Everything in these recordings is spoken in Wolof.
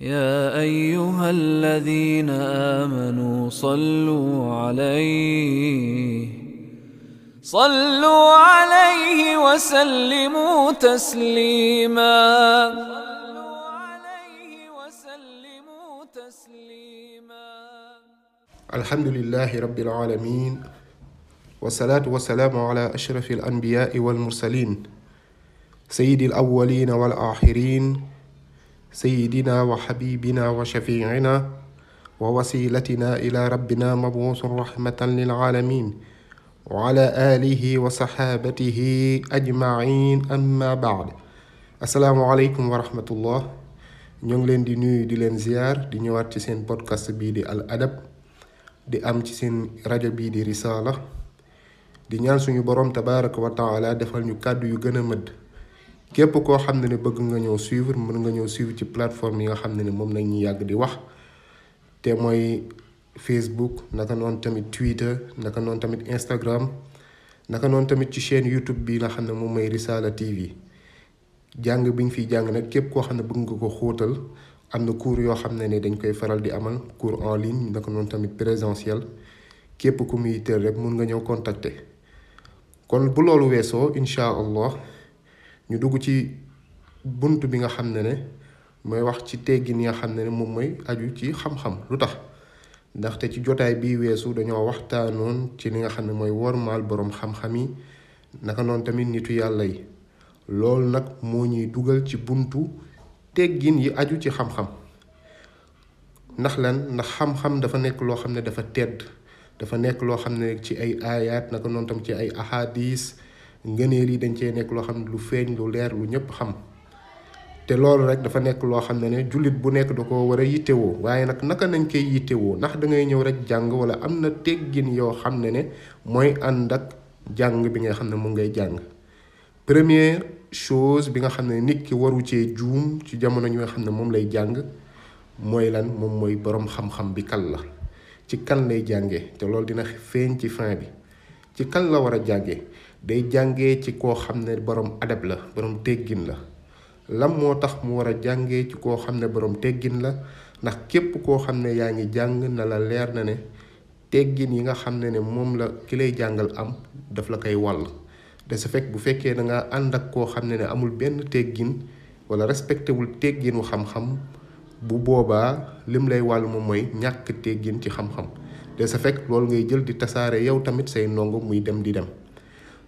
يا أيها الذين آمنوا صلوا عليه صلوا عليه وسلموا تسليما الحمد لله رب العالمين والصلاة والسلام على أشرف الأنبياء والمرسلين سيد الأولين والآخرين sayyidina wa xabibina wa shafiicina wa wasilatina ila rabbina mabuusun raxmatan lil aalamiin wa ala wa saxaabatihi ajmaciin amma bacd asalaamu aleykum wa rahmatullah ñoo ngi leen di nuyu di leen ziyaar di ñëwaat ci seen podcast bii di al di am ci seen rajo bii di risaala di ñaan suñu borom tabaaraka wa taala defal ñu kàddu yu gën a mëdd képp koo xam ne ne bëgg nga ñëw suivre mën nga ñëw suivre ci plateforme yi nga xam ne ne moom nañuy yàgg di wax te mooy Facebook naka noonu tamit Twitter naka noonu tamit Instagram naka noonu tamit ci chaîne YouTube bi nga xam ne moom mooy Risala TV jàng bi ñu fiy jàng nag képp koo xam ne bëgg nga ko xóotal am na cour yoo xam ne ne dañ koy faral di amal cours en ligne naka noonu tamit présentiel képp ku muy itteel rek mun nga ñëw contacter kon bu loolu weesoo incha allah. ñu dugg ci bunt bi nga xam ne ne mooy wax ci teggin yi nga xam ne ne moom mooy aju ci xam-xam lu tax ndaxte ci jotaay bii weesu dañoo waxtaanoon ci li nga xam ne mooy wormaal boroom xam-xam yi naka noon tamit nitu yàlla yi loolu nag moo ñuy dugal ci buntu teggin yi aju ci xam-xam ndax lan ndax xam-xam dafa nekk loo xam ne dafa tedd dafa nekk loo xam ne ci ay aayaat naka noon tam ci ay ahadis ngëneel yi dañ cee nekk loo xam ne lu feeñ lu leer lu ñëpp xam te loolu rek dafa nekk loo xam ne ne jullit bu nekk da ko war a yittewoo waaye nag naka nañ koy yittewoo ndax da ngay ñëw rek jàng wala am na teggin yoo xam ne ne mooy ànd ak jàng bi ngay xam ne mu ngay jàng première chose bi nga xam ne nit ki waru cee juum ci jamono ñi nga xam ne moom lay jàng mooy lan moom mooy boroom xam-xam bi kan la ci kan lay jàngee te loolu dina feeñ ci fin bi ci kan la war a jàngee day jàngee ci koo xam ne borom adab la borom teggin la lan moo tax mu war a jàngee ci koo xam ne borom teggin la ndax képp koo xam ne yaa ngi jàng na la leer na ne teggin yi nga xam ne ne moom la ki lay jàngal am daf la koy wàll de fekk bu fekkee da nga ànd ak koo xam ne ne amul benn teggin wala respecté wul tegginu xam-xam bu boobaa lim lay wàll moom mooy ñàkk teggin ci xam-xam de sa fekk loolu ngay jël di tasaare yow tamit say ndongo muy dem di dem.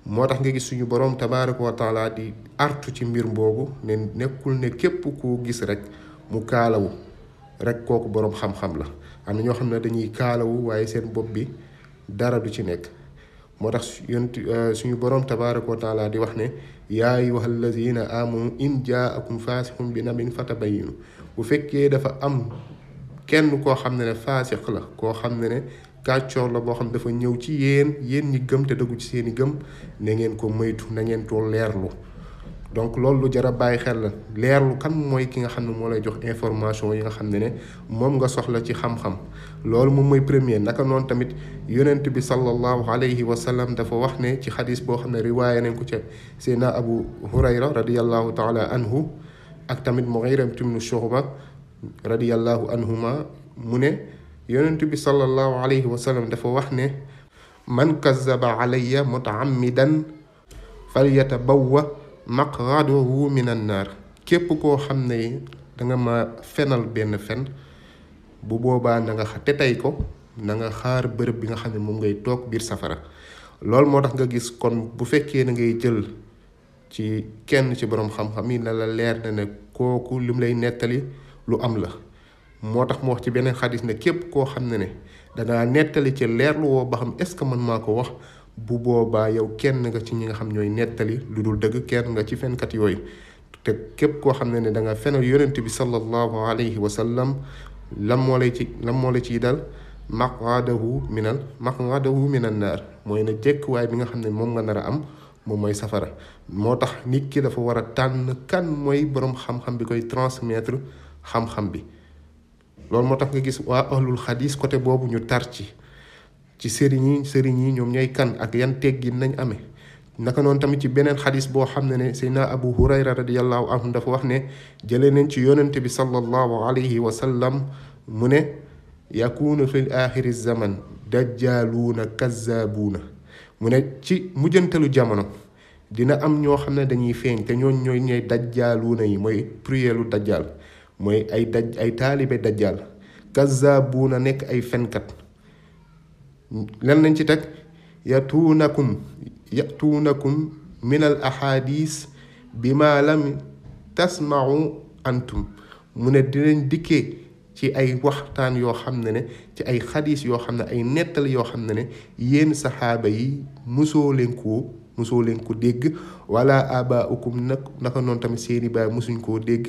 moo tax nga gis suñu borom tabaaraka wa taala di artu ci mbir mboobu ne nekkul ne képp koo gis rek mu kaalawu rek kooku boroom xam-xam la am na ñoo xam ne dañuy kaalawu waaye seen bopp bi dara du ci nekk moo tax yonent euh, suñu borom tabaaraka wa taala di wax ne yaa ayyuha allazina amanu in jaakum faasiqun bi nabin fatabayyinu bu fekkee dafa am kenn koo xam ne ne faasiq la koo xam ne ne gàccoor la boo xam dafa ñëw ci yéen yéen ñi gëm te dëggu ci seeni gëm na ngeen ko moytu na ngeen too leerlu donc loolu lu jar bàyyi xel la leerlu kan mooy ki nga xam ne moo lay jox information yi nga xam ne ne moom nga soxla ci xam-xam loolu moom mooy premier naka noonu tamit yonent bi sallallahu alayhi wa sallam dafa wax ne ci xadis boo xam ne riwaayé nañ ko ca Seydina Abu Hurayra radiallahu taala anhu ak tamit Mughira ibn Shu'ba radiallahu anhuma mu ne yonent bi sallallahu alayhi wa sallam dafa wax ne man kazaba alayya mutaammidan falyatabawwa maqadahu min annaar képp koo xam ne danga ma fenal benn fen bu boobaa na nga te tey ko na nga xaar bërëb bi nga xam ne moom ngay toog biir safara loolu moo tax nga gis kon bu fekkee na ngay jël ci kenn ci boroom xam-xam yi na la leer na ne kooku lim lay nettali lu am la moo tax mu wax ci beneen xadis ne képp koo xam ne ne danaa nettali ci leerlu woo ba xam est ce que man maa ko wax bu boobaa yow kenn nga ci ñi nga xam ñooy nettali lu dul dëgg kenn nga ci fenkat yooyu te képp koo xam ne ne da nga fenal yonent bi sallallahu alayhi wa sallam lan moo lay ci lan moo la ciy dal maqaadahu minal maqaadahu minal naar mooy ne waaye bi nga xam ne moom nga nar a am moom mooy safara moo tax nit ki dafa war a tànn kan mooy boroom xam-xam koy transmettre xam bi loolu moo tax nga gis waa ahlul xadis côté boobu ñu tar ci ci sëriñ yi sëriñ yi ñoom ñooy kan ak yan teggin nañ amee naka noonu tamit ci beneen xadis boo xam ne ne Seydina Abu Hurayra radiyallahu am dafa wax ne jëlee nañ ci yonente bi sallallahu alayhi wa sallam mu ne yakunu fil axiri zaman dajjaaluuna kazzaabuuna mu ne ci mujjantalu jamono dina am ñoo xam ne dañuy feeñ te ñooñ ñooy ñooy dajjaaluuna yi mooy plurielu dajaal mooy ay daj ay taalibe dajjaal na nekk ay fenkat lan lañ ci teg yatuunakum yatuunakum min al ahadis bi ma lam antum mu ne dinañ dikkee ci ay waxtaan yoo xam ne ne ci ay xadis yoo xam ne ay nettal yoo xam ne ne yéen saxaaba yi musoo leen koo musoo leen ko dégg wala abaukum nag naka noonu tamit seeni baay musuñ koo dégg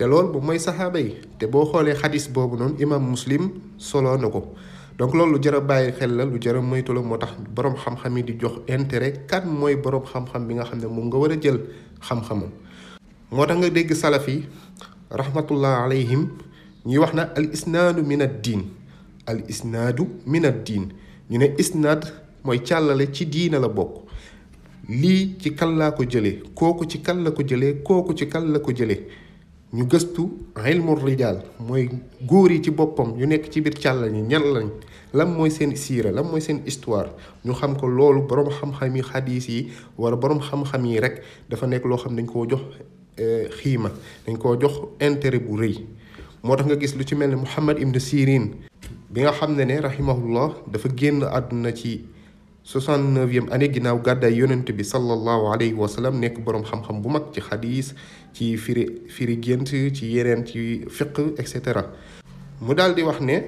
te lool bu mooy saxaaba yi te boo xoolee xadis boobu noonu imam muslim soloo na ko donc loolu lu jar a bàyyi xel la lu jar a moo tax boroom xam-xam yi di jox intérêt kan mooy borom xam-xam bi nga xam ne moom nga war a jël xam-xamam. moo tax nga dégg salaf yi rahmatullah alayhim ñuy wax na al isnaadu min ad diin al isnaadu min ad diin ñu ne isnaad mooy càllale ci diina la bokk lii ci kan laa ko jëlee kooku ci kan la ko jëlee kooku ci kan la ko jëlee. ñu gëstu ilmu rijal mooy góor yi ci boppam ñu nekk ci biir càll ñi ñan lañ lan mooy seen siira lan mooy seen histoire ñu xam ko loolu borom xam-xam yi xadiis yi wala borom xam-xam yi rek dafa nekk loo xam dañ koo jox eh, xiima dañ koo jox intérêt bu rëy moo tax nga gis lu ci mel ne Muhammad ibn Sirin bi nga xam ne ne rahimahullah dafa génn àdduna ci 69e année ginnaaw gàddaay yonent bi sallallahu alayhi wa sallam nekk boroom xam-xam bu mag ci xadiis ci firi firi gént ci yeneen ci fiq et cetera mu daal di wax ne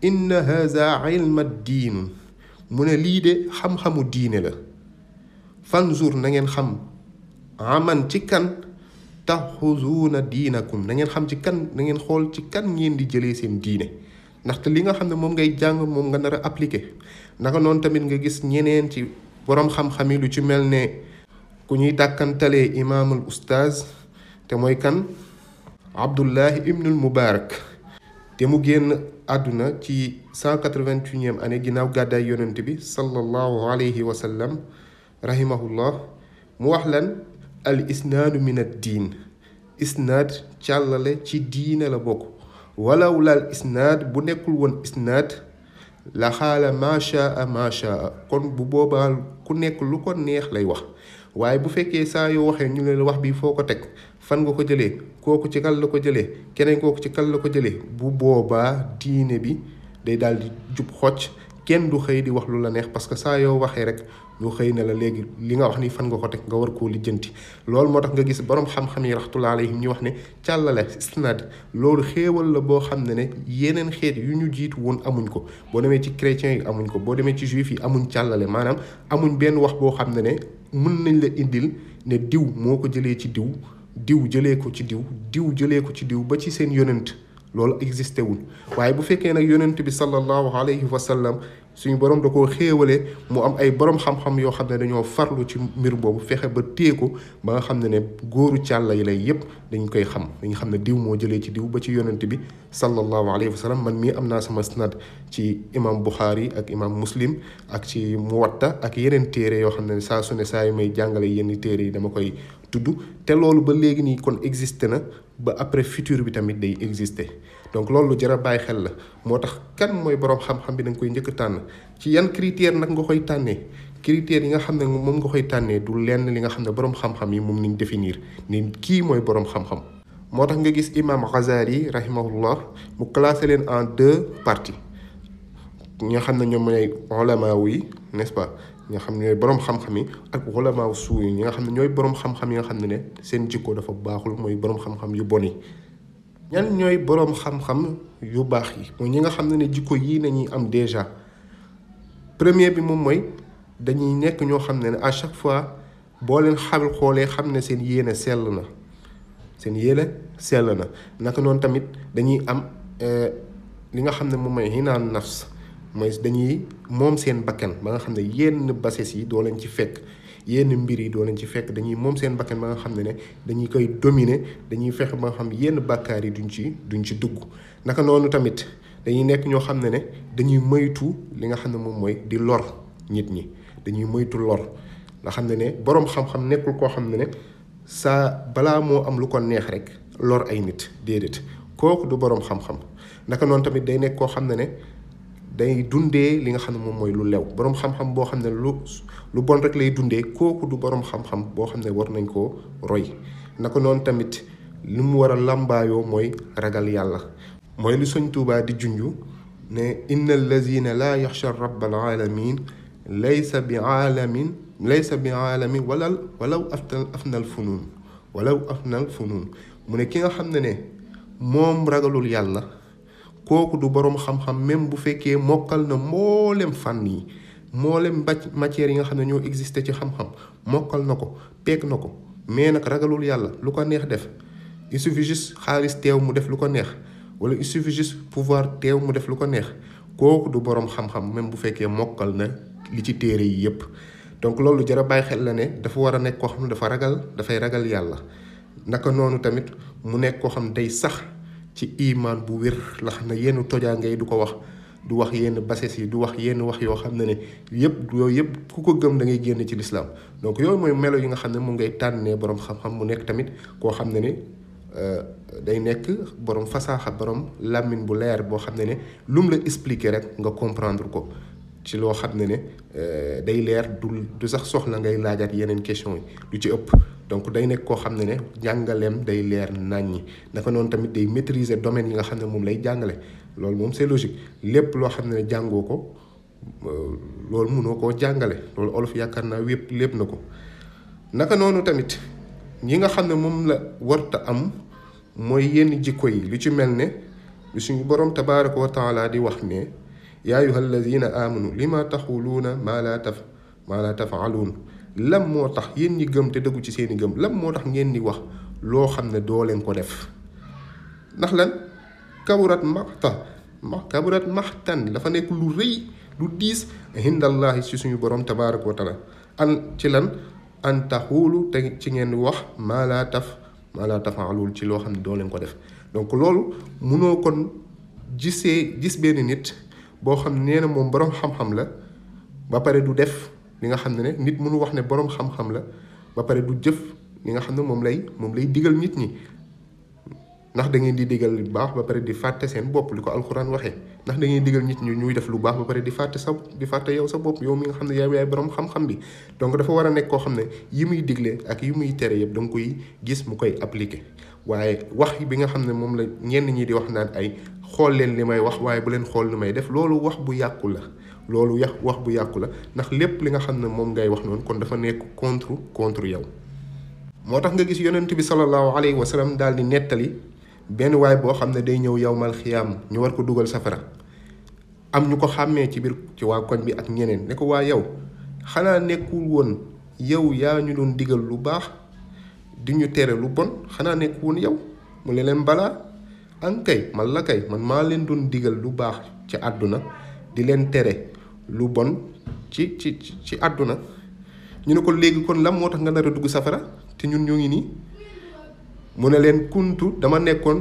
inna haza ilma diin mu ne lii de xam-xamu diine la fanzur na ngeen xam aman ci kan taxuzuuna diinakum na ngeen xam ci kan na ngeen xool ci kan ngeen di jëlee seen diine ndaxte li nga xam ne moom ngay jàng moom nga nar a appliqué naka noonu tamit nga gis ñeneen ci boroom xam-xam yi lu ci mel ne ku ñuy dàkkantalee imaamul ustaaz te mooy kan abdullahi ibnul mubarak te mu génn àdduna ci cent quatre-vingt-unième année ginnaaw gàddaay yonent bi sallallahu alayhi wa rahimahullah mu wax lan al isnaadu min diin isnaad càllale ci diine la bokk walaw laal isnaad bu nekkul woon isnaad la xaala macha macha kon bu boobaa ku nekk lu ko neex lay wax waaye bu fekkee saa yoo waxee ñu ne la wax bii foo ko teg fan nga ko jëlee kooku ci kan la ko jëlee keneen kooku ci kan la ko jëlee bu boobaa diine bi day daal di jub xocc kenn du xëy di wax lu la neex parce que saa yoo waxee rek ñu xëy na la léegi li nga wax ni fan nga ko teg nga war koo lijjanti loolu moo tax nga gis borom xam-xam yi raxmatullaahi alayhim ñu wax ne càllale isnaad loolu xéewal la boo xam ne ne yeneen xeet yu ñu jiitu woon amuñ ko boo demee ci chrétiens yi amuñ ko boo demee ci juif yi amuñ càllale maanaam amuñ benn wax boo xam ne ne mën nañ la indil ne diw moo ko jëlee ci diw diw jëlee ko ci diw diw jëlee ko ci diw ba ci seen yonent loolu existé wul waaye bu fekkee nag yonent bi sallallahu alayhi wa sallam suñu borom da koo xéewalee mu am ay borom xam-xam yoo xam ne dañoo farlu ci mbir boobu fexe ba téye ko ba nga xam ne ne góoru càlla yi lay yëpp dañ koy xam dañ xam ne diw moo jëlee ci diw ba ci yonent bi sallallahu alayhi wa sallam man mii am naa sama snad ci imam Bukhari ak imam Muslim ak ci Muwatta ak yeneen téere yoo xam ne saa su ne saa yu may jàngale yenn téere yi dama koy tudd te loolu ba léegi nii kon existé na ba après futur bi tamit day existé donc loolu lu jar bàyyi xel la moo tax kan mooy borom xam-xam bi da koy njëkk tànn ci yan critère nag nga koy tànnee critères yi nga xam ne moom nga koy tànnee du lenn li nga xam ne boroom xam-xam yi moom nañ définir ni kii mooy borom xam moo tax nga gis imam Ghazali rahimahullah mu classé leen en deux parties ñi nga xam ne ñoom mooy ulama yi n'est-ce pas. ñi xam ne borom xam yi ak ulama suuy ñi nga xam ne ñooy borom xam yi nga xam ne ne seen jikko dafa baaxul mooy borom xam-xam yu bon ñan ñooy boroom xam-xam yu baax yi mooy ñi nga xam ne ne jikko yii nañuy am déjà premier bi moom mooy dañuy nekk ñoo xam ne ne à chaque fois boo leen xal xoolee xam ne seen yéene sell na seen yéene sell na naka noonu tamit dañuy am euh, li nga xam ne moom mooy naan nafs mooy dañuy moom seen bakkan ba nga xam ne yenn bases yi doo leen ci fekk yenn mbir yi doo leen ci fekk dañuy moom seen bakkan ba nga xam ne ne dañuy koy dominer dañuy fexe ba nga xam yenn bakkaar yi duñ ci duñ ci dugg naka noonu tamit dañuy nekk ñoo xam ne ne dañuy moytu li nga xam ne moom mooy di lor nit ñi dañuy moytu lor nga xam ne ne boroom xam-xam nekkul koo xam ne ne saa balaa moo am lu ko neex rek lor ay nit déedéet kooku du boroom xam-xam naka noonu tamit day nekk koo xam ne ne day dundee li nga xam ne moom mooy lu lew boroom xam-xam boo xam ne lu lu bon rek lay dundee kooku du boroom xam-xam boo xam ne war nañ koo roy naka noonu tamit li mu war a làmbaayoo mooy ragal yàlla mooy lu sëñ Tuubaa di junju ne inna allazina la yaxsha rabbal alamin laysa bi alamin laysa bi alamin walal walaw aftal afnal funun walaw afnal funun mu ne ki nga xam ne ne moom ragalul yàlla kooku du borom xam-xam même bu fekkee mokkal na mboolem fànn yi mboolem ba matières yi nga xam ne ñoo existé ci xam-xam mokkal na ko peeg na ko mais nag ragalul yàlla lu ko neex def il suffit mu def lu ko neex wala il pouvoir teew mu def lu ko neex kooku du borom xam-xam même bu fekkee mokkal na li ci téere yi yépp donc loolu jar a bàyyi xel la ne dafa war a nekk koo xam ne dafa ragal dafay ragal yàlla naka noonu tamit mu nekk koo xam ne day sax. ci imaan bu wér lax na yenn tojaange yi du ko wax du wax yenn bases yi du wax yenn wax yoo xam ne ne yëpp yooyu yëpp ku ko gëm da ngay génn ci lislaam donc yooyu mooy melo yi nga xam ne moom ngay tànnee borom xam-xam mu nekk tamit koo xam ne ne euh, day nekk borom fasaaxa borom làmmiñ bu leer boo xam ne ne lu mu la expliquer rek nga comprendre ko. ci loo xam ne ne euh, day leer du du sax soxla ngay laajaat yeneen question yi lu ci ëpp donc day nekk koo xam ne ne jàngaleem day leer nàññi naka noonu tamit day maîtriser domaine yi nga xam ne moom lay jàngale loolu moom c'est logique lépp loo xam ne jàngoo ko euh, loolu mënoo koo jàngale loolu olof yaakaar naa wépp lépp na ko naka noonu tamit ñi nga xam ne moom la warta am mooy yenn jikko yi lu ci mel ne lu suñu borom ko wa taala di wax ne yaa ayyuha alladina amanu li ma taxuluuna maa laa taf maa laa tafaaluun lan moo tax yéen ñi gëm te dëggu ci seeni gëm lam moo tax ngeen di wax loo xam ne doo leen ko def ndax lan kaburat maxta ma kaburat maxtan dafa nekk lu rëy lu diis hindallahi ci suñu borom tabaaraka wa an ci lan an taxuulu te ci ngeen wax maa laa taf maa laa tafaaluun ci loo xam ne doo leen ko def donc loolu munoo kon gisee gis benn nit boo xam nee na moom boroom xam-xam la ba pare du def li nga xam ne ne nit mënu wax ne borom xam-xam la ba pare du jëf li nga xam ne moom lay moom lay digal nit ñi ndax da ngeen di digal lu baax ba pare di fàtte seen bopp li ko alxuraan waxee ndax da ngeen nit ñi ñuy def lu baax ba pare di fàtte sa di fàtte yow sa bopp yow mi nga xam ne yow yaay borom xam bi donc dafa war a nekk koo xam ne yi muy digle ak yi muy tere yëpp da koy gis mu koy appliquer waaye wax bi nga xam ne moom la ñenn ñi di wax naan ay xool leen li may wax waaye bu leen xool li may def loolu wax bu yàqu la loolu yax wax bu yàqu la ndax lépp li nga xam ne moom ngay wax noonu kon dafa nekk contre contre yow moo tax nga gis yonent bi sallallahu alayhi wa sallam daal di nettali benn waay boo xam ne day ñëw yowmal xiyaam ñu war ko dugal safara am ñu ko xàmmee ci biir ci waa koñ bi ak ñeneen ne ko waa yow xanaa nekkul woon yow yaa ñu doon digal lu baax di ñu tere lu bon xanaa nekk woon yow an kay man la kay man maa leen doon diggal lu baax ci àdduna di leen tere lu bon ci ci ci àdduna ñu ne ko léegi kon lam moo tax nga nar a dugg safara te ñun ñu ngi nii mu ne leen kuntu dama nekkoon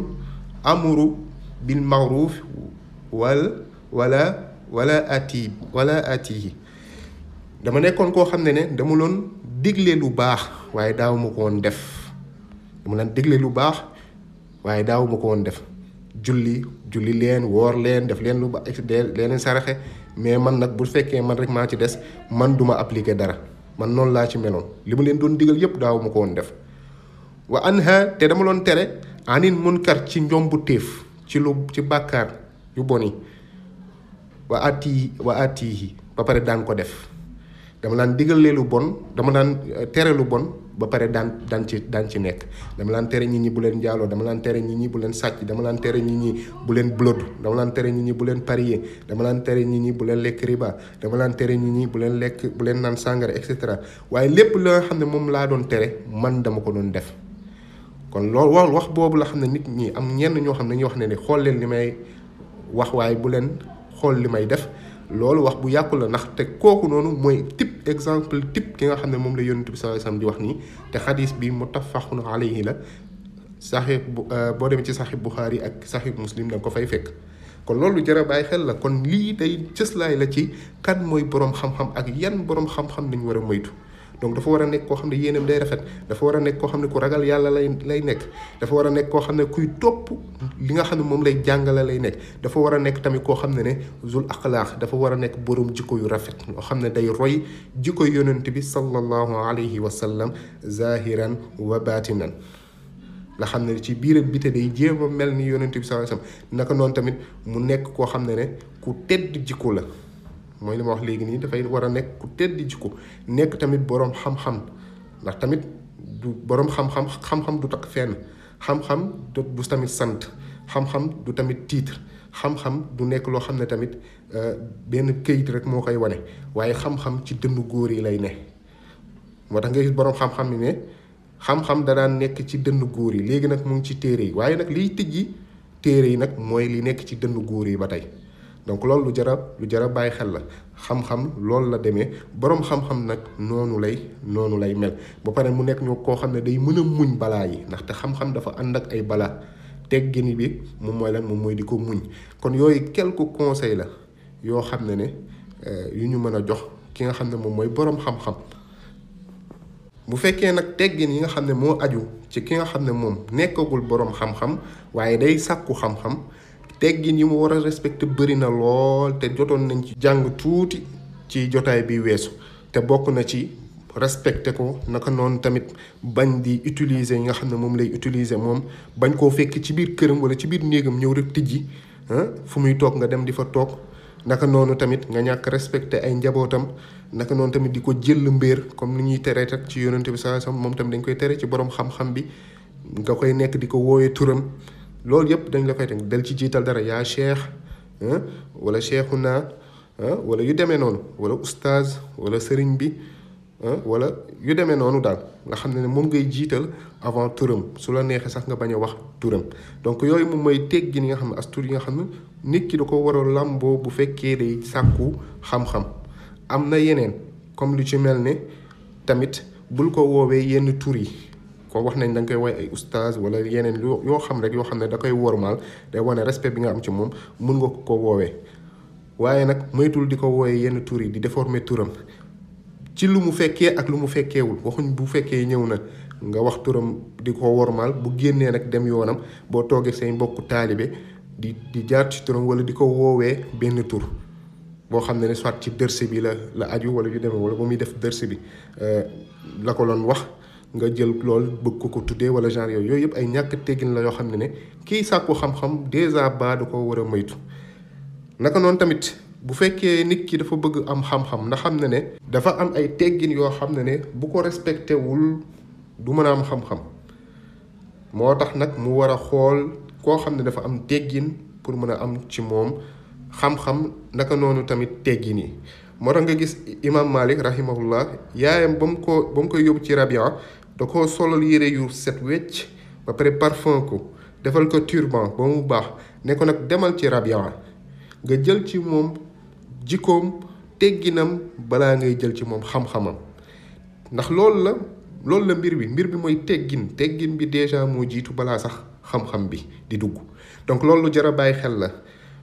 amuru bil ma'ruf wal wala wala ati wala ati dama nekkoon koo xam ne ne dama loon digle lu baax waaye daawuma ma def dama leen digle lu baax waaye daawu ma ko woon def julli julli leen woor leen def leen lu ba leneen saraxe mais man nag bu fekkee man rek maa ci des man duma appliquer dara man noonu laa ci meloon li ma leen doon digal yëpp daawuma ko woon def wa anha te dama loon tere anin munkar ci njombu téef ci lu ci bàkkaar yu bon yi wa ati wa atihi ba pare daan ko def dama laan digalee lu bon dama daan euh, tere lu bon ba pare daan daan ci daan ci nekk dama laan tere nit ñi bu leen njaaloo dama daan tere nit ñi bu leen sàcc dama daan tere nit ñi bu leen blood dama daan tere nit ñi bu leen parier dama laan tere nit ñi bu leen lekk riba dama daan tere nit ñi bu leen lekk bu leen naan sàngara et cetera waaye lépp la xam ne moom laa doon tere man dama ko doon def. kon loolu wax wax boobu la xam ne nit ñi am ñenn ñoo xam ne dañuy wax ne ne xool leen li may wax waaye bu leen xool li may def. loolu wax bu yàqu la ndax te kooku noonu mooy type exemple type ki nga xam ne moom la yonent bi sallallahu alayhi di wax nii te xadis bi muttafaqun alayhi la saxi euh, boo demee ci saxi Buxaari ak saxi Muslim da ko fay fekk kon loolu jërë bàyyi xel la kon lii day cëslaay la ci kan mooy borom xam-xam ak yan borom xam-xam lañ war a moytu donc dafa war a nekk koo xam ne yéenam day rafet dafa war a nekk xam ne ku ragal yàlla lay lay nekk dafa war a nekk koo xam ne kuy topp li nga xam ne moom lay jàngale lay nekk dafa war a nekk tamit koo xam ne ne zul axlaax dafa war a nekk borom jikko yu rafet loo xam ne day roy jikko yonent bi sallallahu alayhi wa sallam zahiran wa batinan la xam ne ci biir bite day jéem mel ni yonent bi sallallahu alayhi wa naka noonu tamit mu nekk koo xam ne ne ku tedd jikko la mooy li ma wax léegi nii dafay war a nekk ku tedd ko nekk tamit boroom xam-xam ndax tamit du boroom xam-xam xam-xam du takk fenn xam-xam du tamit sant xam-xam du tamit tiit xam-xam nekk loo xam ne tamit euh, benn këyit rek moo koy wane waaye xam-xam ci dënn góor yi lay ne moo tax nga gis boroom xam-xam yi ne xam-xam danaan nekk ci dënn góor yi léegi nag mu ngi ci téere yi waaye nag liy tijji téere yi nag mooy li nekk ci dënn góor yi ba tey donc loolu lu jar a lu jar a bàyyi xel la xam-xam loolu la demee boroom xam-xam nag noonu lay noonu lay mel ba pare mu nekk ñoo koo xam ne day mën a muñ balaa yi ndaxte xam-xam dafa ànd ak ay balaa teggini bi moom mooy lan moom mooy di ko muñ kon yooyu quelques conseils la yoo xam ne ne euh, yu ñu mën a jox ki nga xam ne moom mooy boroom xam-xam bu fekkee nag teggin yi nga xam ne moo aju ci ki nga xam ne moom nekkagul boroom xam-xam waaye day sàkku xam-xam teggin yi mu war a respecté bëri na lool te jotoon nañ ci jàng tuuti ci jotaay bi weesu te bokk na ci respecté ko naka noonu tamit bañ di utiliser yi nga xam ne moom lay utiliser moom bañ koo fekk ci biir këram wala ci biir néegam ñëw rek tijji fu muy toog nga dem di fa toog naka noonu tamit nga ñàkk respecté ay njabootam naka noonu tamit di ko jël mbéer comme ni ñuy tere ci yonent bi sallallahu alayhi moom tamit dañ koy tere ci borom xam-xam bi nga koy nekk di ko wooyee turam. loolu yëpp dañ la koy teg del ci jiital dara yaa cheikh wala cheikhuna wala yu demee noonu wala oustaz wala sëriñ bi wala yu demee noonu daal nga xam ne ne moom ngay jiital avant turam su la neexee sax nga bañ wax turam donc yooyu moom mooy teggin yi nga xam ne as tur nga xam ne nit ki da ko war a làmboo bu fekkee day sàkku xam-xam am na yeneen comme lu ci mel ne tamit bul ko woowee yenn tur yi kon wax nañ da koy wooye ay oustaz wala yeneen yoo xam rek yoo xam ne da koy wormaal day wane respect bi nga am ci moom mun nga ko ko woowee waaye nag moytul di ko woowee yenn tur yi di déformer turam ci lu mu fekkee ak lu mu fekkeewul waxuñ bu fekkee ñëw na nga wax turam di ko wormaal bu génnee nag dem yoonam boo toogee say mbokk taalibe di di jaar ci turam wala di ko woowee benn tur boo xam ne ne soit ci dërse bi la la aju wala yu demee wala ba muy def dërse bi euh, la ko doon wax nga jël lool bëgg ko ko tuddee wala genre yooyu yooyu yëpp ay ñàkk teggin la yoo xam ne ne kii sàkku xam-xam dèjà baa du ko war a maytu naka noonu tamit bu fekkee nit ki dafa bëgg am xam-xam na ne dafa am ay teggin yoo xam ne ne bu ko respecté wul du mën a am xam moo tax nag mu war a xool koo xam ne dafa am teggin pour mën a am ci moom xam naka noonu tamit teggin yi moo tax nga gis imam malik rahimahullah yaayam ba mu ko ba koy yóbbu ci rabia da ko solal yére yu set wecc ba pare parfum ko defal ko turban ba mu baax ne ko nag demal ci Rabia nga jël ci moom jikkoom tegginam balaa ngay jël ci moom xam-xamam ndax loolu la loolu la mbir bi mbir bi mooy teggin teggin bi déjà moo jiitu balaa sax xam-xam bi di dugg donc loolu lu jar bàyyi xel la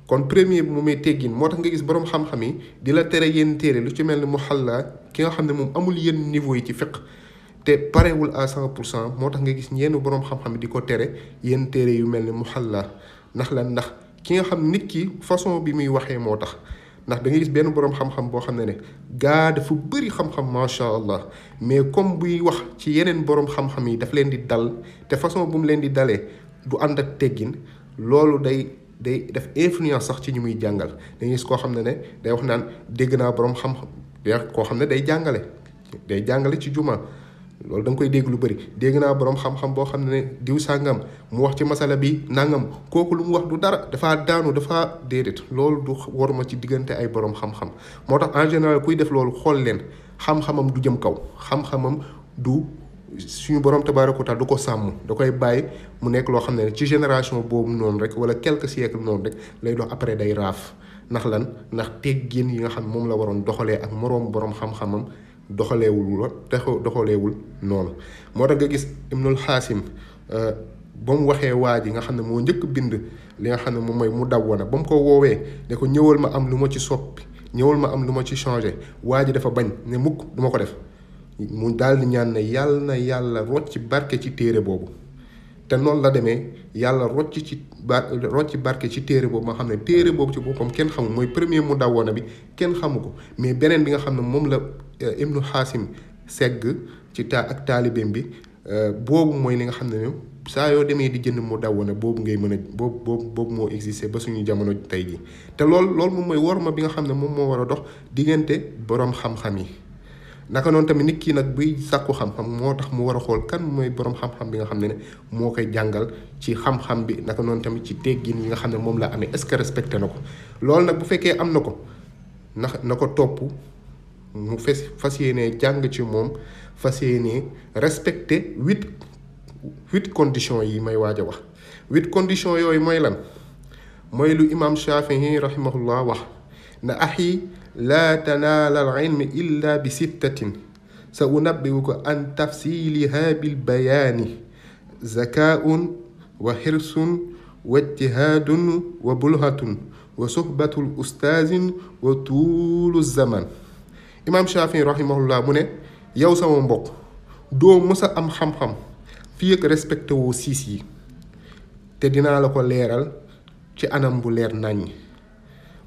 kon premier bi mu may teggin moo tax nga gis borom xam-xam yi di la tere yenn téere lu ci mel ni mu xalla ki nga xam ne moom amul yenn niveau yi ci fiqh te parewul à cent pour cent moo tax nga gis ñenn boroom xam-xam di ko tere yenn téere yu mel ni xal muhalla ndax lan ndax ki nga xam nit ki façon bi muy waxee moo tax ndax da gis benn boroom xam-xam boo xam ne ne gaa dafa bëri xam macha allah mais comme buy wax ci yeneen boroom xam yi daf leen di dal te façon bu leen di dalee du ànd ak teggin loolu day day def influence sax ci ñu muy jàngal gis koo xam ne ne day wax naan dégg naa boroom xam-xam koo xam ne day jàngale day jàngale ci juma. loolu da koy dégg lu bëri dégg naa borom xam-xam boo xam ne diw sàngam mu wax ci masala bi nangam kooku lu mu wax du dara dafaa daanu dafa déedéet loolu du waruma ci diggante ay borom xam-xam moo tax en général kuy def loolu xool leen xam-xamam jëm kaw xam du suñu borom tabaaraka taala du ko sàmm da koy bàyyi mu nekk loo xam ne ci génération boobu noonu rek wala quelques siècles noonu rek lay dox après day raaf ndax lan ndax teggin yi nga xam moom la waroon doxalee ak moroom boroom xam-xamam. doxaleewul doxaleewul noonu moo tax nga gis Ibnul Xaasim euh, ba mu waxee waa ji nga xam ne moo njëkk bind li nga xam ne moom mooy mu daw woon ba mu ko woowee ne ko ñëwal ma am lu ma ci soppi ñëwal ma am lu ma ci changé waa ji dafa bañ ne mukk duma ko def mu dal di ñaan ne yàlla na yàlla rocc barke ci téere boobu te noonu la demee. yàlla rocc ci bar rocc barke ci téere boobu nga xam ne téere boobu ci boppam kenn xamul mooy premier mu dawwoona bi kenn xamu ko mais beneen bi nga xam ne moom la euh, ibnu xaasim segg ci ta ak taalibeem bi euh, boobu mooy li nga xam ne saa yoo demee di jënd mu dawwoona boobu ngay mën a boobu boobu boobu moo existé ba suñu jamono tey ji te loolu loolu moom mooy worma bi nga xam ne moom moo war a dox diggante borom xam-xam yi naka noonu tamit nit kii nag buy sàkku xam-xam moo tax mu war a xool kan mooy borom xam-xam bi nga xam ne ne moo koy jàngal ci xam-xam bi naka noonu tamit ci teggin yi nga xam ne moom laa amee est-ce que na ko loolu nag bu fekkee am na ko na na ko topp mu fes fas yéenee jàng ci moom fas yéenee respecté huit huit conditions yi may waaj a wax huit conditions yooyu mooy lan mooy lu imaam Shafii rahimahullah wax na yi laa tanaala al ilmi illa bi sittatin sa unabbiuka an tafsiliha bilbayaani zakaun wa xirsun wa ijtihaadun wa bulhatun wa suhbatul ustaazin wa tuulu zaman imaam Shafii rahimahullah mu ne yow sama mbokk doo mës am xam-xam fii ak respecté yi te dinaa la ko leeral ci anam bu leer nàññ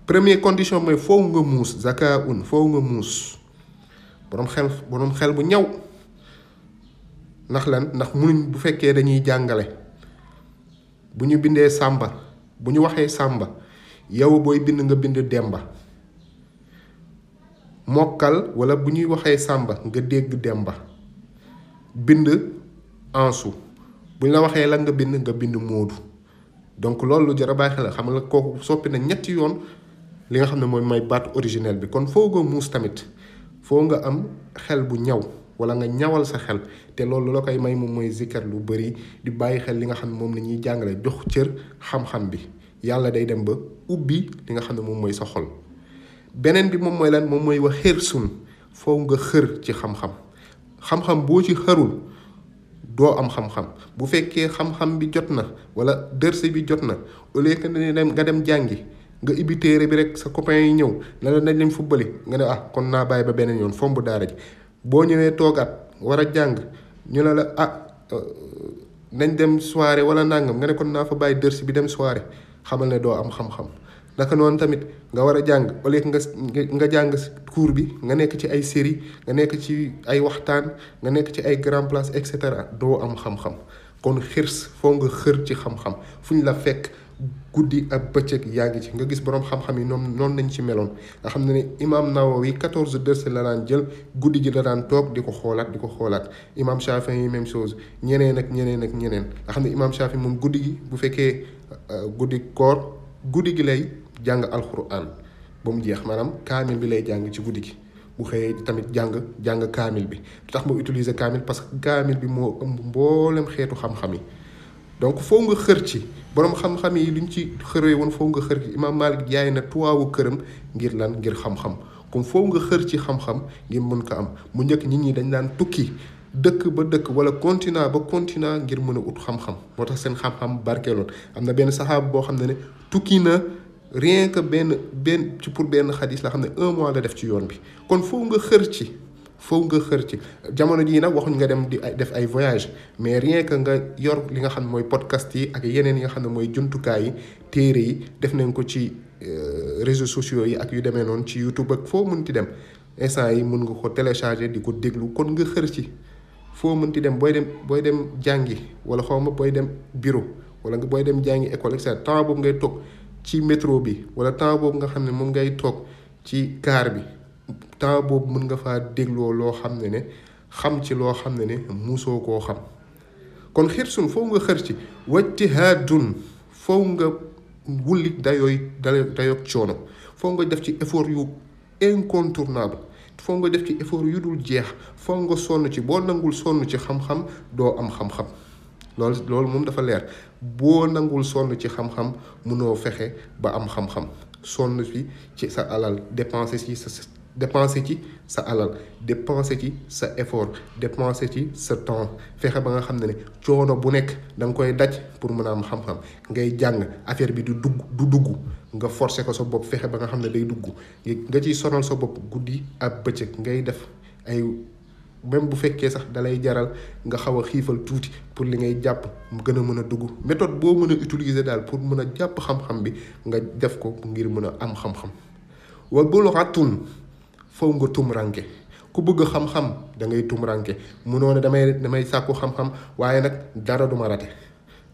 premier condition mooy foofu nga muus zaka un foofu nga muus boroom xel xel bu ñaw ndax lan ndax munuñ bu fekkee dañuy jàngale bu ñu bindee sàmba bu ñu waxee sàmba yow booy bind nga bind demba mokkal wala bu ñuy waxee sàmba nga dégg demba bind ansu bu ñu la waxee la nga bind nga bind moodu donc loolu lu jar a bàyyi xel xam la kooku soppi na ñetti yoon li nga xam ne mooy mooy baatu originel bi kon foo ko muus tamit foo nga am xel bu ñaw wala nga ñawal sa xel te loolu la koy may moom mooy zikkar lu bëri di bàyyi xel li nga xam ne moom la ñuy jàngale jox cër xam bi yàlla day dem ba ubbi li nga xam ne moom mooy sa xol beneen bi moom mooy lan moom mooy wa xër sun foo nga xër ci xam-xam xam-xam boo ci xërul doo am xam-xam bu fekkee xam-xam bi jot na wala dërse bi jot na au lieu que nga dem jàngi nga ibbi téere bi rek sa copain yi ñëw na la nañ leen football nga ne ah kon naa bàyyi ba beneen yoon fomb daara ji boo ñëwee toogaat war a jàng ñu ne la ah euh, nañ dem soirée wala nangam nga ne kon naa fa bàyyi dërsi bi dem soirée xamal ne doo am xam-xam naka noonu tamit nga war a jàng au lieu nga nga jàng cours bi nga nekk ci ay série nga nekk ci ay waxtaan nga nekk ci ay grand place et cetera doo am xam-xam kon xirs foo nga xër ci xam-xam fu ñu la fekk. guddi ak bëccëg yàgg ci nga gis borom xam-xam yi noonu noonu nañ ci meloon nga xam ne ne imaam Nawawi quatorze dërs la daan jël guddi gi la daan toog di ko xoolaat di ko xoolaat imaam Chafi yi même chose ñeneen ak ñeneen ak ñeneen nga xam ne imaam Chafi moom guddi gi bu fekkee euh, guddi koor guddi gi lay jàng alxuraan ba mu jeex maanaam kaamil bi lay jàng ci guddi gi bu xëyee tamit jàng jàng kaamil bi tax mu utiliser kaamil parce que kaamil bi moo ëmb mboolem xeetu xam yi. donc foo nga xër ci borom xam-xam yi luñ ci xëree woon foo nga xër ci imaam Malik jaay na këram ngir lan ngir xam-xam comme nga xër ci xam ngir mun ko am mu njëkk nit ñi dañ daan tukki dëkk ba dëkk wala continent ba continent ngir mën a ut xam-xam moo tax seen xam-xam barkeeloon am na benn saxaab boo xam ne ne tukki na rien que benn benn ci pour benn xadis la xam ne un mois la def ci yoon bi kon foo nga xër ci. foo nga xër ci jamono jii nag waxuñ nga dem di def ay voyage mais rien que nga yor li nga xam ne mooy podcast yi ak yeneen yi nga xam ne mooy jumtukaay yi téere yi def nañ ko ci euh, réseaux sociaux yi ak yu demee noonu ci YouTube ak foo mën ti dem instant yi mun nga ko télécharger di ko déglu kon nga xër ci foo mën ti dem booy dem booy dem jàngi wala xaw ma booy dem bureau wala nga booy dem jàngi école et temps boobu ngay toog ci métro bi wala temps boobu nga xam ne moom ngay toog ci car bi temps boobu mën nga faa dégloo loo xam ne ne xam ci loo xam ne ne muusoo koo xam kon xirsun foofu nga xër ci wajtihaadun foofu nga wulli dayooy dayoog coono foofu nga def ci effort yu incontournable foofu nga def ci effort yu dul jeex foofu nga sonn ci boo nangul sonn ci xam-xam doo am xam-xam loolu loolu moom dafa leer boo nangul sonn ci xam-xam mënoo fexe ba am xam-xam sonn fi ci sa alal dépenser ci sa dépenser ci sa alal dépenser ci sa effort dépenser ci sa temps fexe ba nga xam ne ne coono bu nekk da koy daj pour mën a am xam-xam ngay jàng affaire bi du dugg du dugg nga forcer ko sa bopp fexe ba nga xam ne day dugg nga ciy sonal sa bopp guddi ak bëccëg ngay def ay même bu fekkee sax dalay jaral nga xaw a xiifal tuuti pour li ngay jàpp mu gën a mën a dugg méthode boo utiliser daal pour mën a jàpp xam bi nga def ko ngir mën a am xam-xam wa buluxatun faw nga tumuranke ku bëgg xam-xam da ngay tumuranke munoo ne damay damay sàkku xam-xam waaye nag dara duma ma rate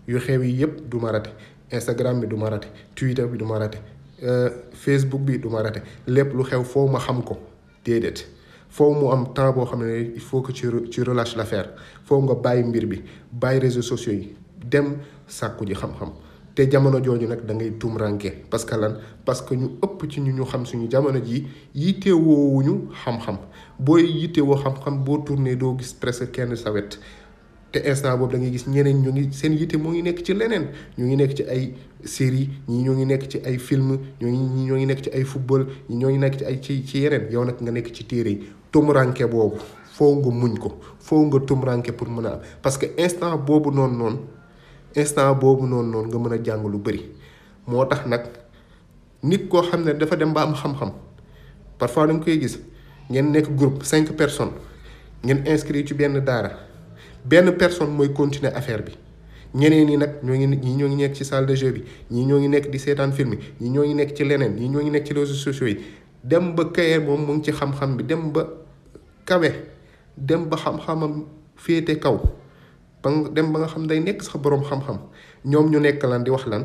yu xew yii yëpp du ma rate Instagram bi du ma rate Twitter bi du ma rate euh, Facebook bi du ma rate lépp lu xew foo ma xam ko déedéet foo mu am temps boo xam ne il faut que ci ci relâche l'affaire foo nga bàyyi mbir bi bàyyi réseau sociaux yi dem sàkku ji xam-xam te jamono jooju nag da ngay tumranke parce que lan parce que ñu ëpp ci ñu ñu xam suñu jamono ji yittewoowuñu xam-xam booy yittewoo xam-xam boo tourné doo gis presque kenn sawet te instant boobu da gis ñeneen ñu ngi seen yitte moo ngi nekk ci leneen ñu ngi nekk ci ay série ñii ñoo ngi nekk ci ay film ñoo ñoo ngi nekk ci ay football ñi ñoo ngi nekk ci ay ci ci yeneen yow nag nga nekk ci téere yi tumranke boobu foo nga muñ ko foo nga tumranke pour mën a am parce que instant boobu noonu noonu instant boobu noonu noonu nga mën a jàng lu bari moo tax nag nit koo xam ne dafa dem ba am xam-xam parfois da koy gis ngeen nekk groupe cinq personnes ngeen inscrit ci benn daara benn personne mooy continuer affaire bi ñeneen ñi nag ñoo ngi ñii ñoo ngi nekk ci salle de jeu bi ñii ñoo ngi nekk di seetaan film yi ñii ñoo ngi nekk ci leneen ñii ñoo ngi nekk ci réseaux sociaux yi dem ba kaye moom mu ngi ci xam-xam bi dem ba kawe dem ba xam am féete kaw ba dem ba nga xam day nekk sax boroom xam-xam ñoom ñu nekk lan di wax lan